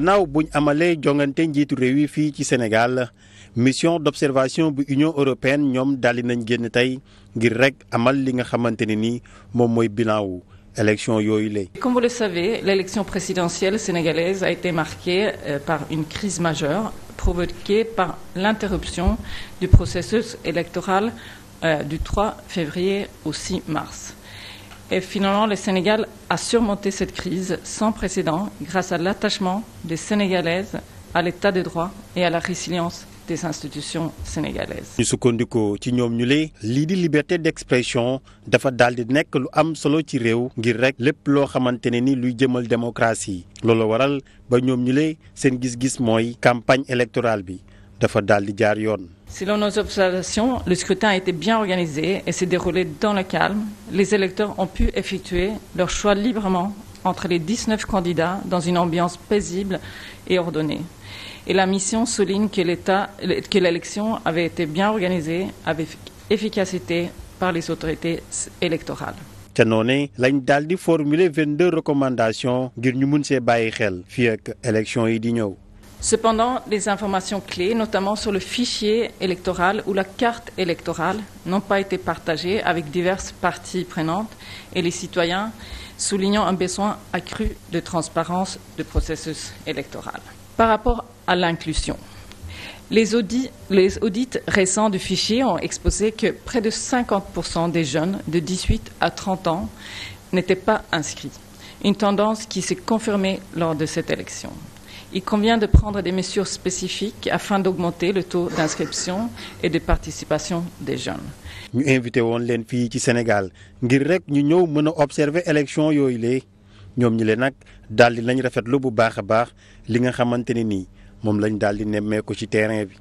gannaaw buñ amalee jongante njiitu réew yi fii ci Sénégal mission d'observation bu Union européenne ñoom daldi nañ génn tey ngir rek amal li nga xamante ne ni moom mooy bilan wu élection yooyu lay. Comme vous le savez, l'élection présidentielle sénégalaise a été marquée euh, par une crise majeure provoquée par l'interruption du processus électoral euh, du 3 février au mars. Et finalement, le Sénégal a surmonté cette crise sans précédent grâce à l'attachement des Sénégalaises à l'état de droit et à la résilience des institutions sénégalaises. ñu sukkandikoo ci ñoom ñu lee lii di liberté d'expression dafa daal di nekk lu am solo ci réew ngir rek lépp loo xamante ne ni luy jëmal démocratie loolu waral ba ñoom ñu lee seen gis-gis mooy campagne électorale bi. dafa daal di jaar yoon. Selon nos observations, le scrutin a été bien organisé et s'est déroulé dans le calme. Les électeurs ont pu effectuer leur choix librement entre les 19 candidats dans une ambiance paisible et Et la mission souligne que l'État, que l'élection avait bien organisée avec efficacité par les autorités électorales. te noonu lañ daal di formuler 22 recommandations ngir ñu mun bàyyi xel fii yi di ñëw. Cependant, les informations clés, notamment sur le fichier électoral ou la carte électorale, n'ont pas été partagées avec diverses parties prenantes et les citoyens, soulignant un besoin accru de transparence du processus Par rapport à les audits, les audits, récents du fichier ont exposé que près de 50% des jeunes de 18 à 30 ans n'étaient pas inscrits, une tendance qui s'est confirmée de cette Il convient de prendre des mesures spécifiques afin d'augmenter le taux d'inscription et de participation des jeunes. ñu invité woon leen fii ci Sénégal ngir rek ñu ñëw mën a observer élection yooyu lee ñoom ñi leen nag daal di nañ rafetlu bu baax a baax li nga xamante ne nii moom lañ daal di nemmeeku ci terrain bi.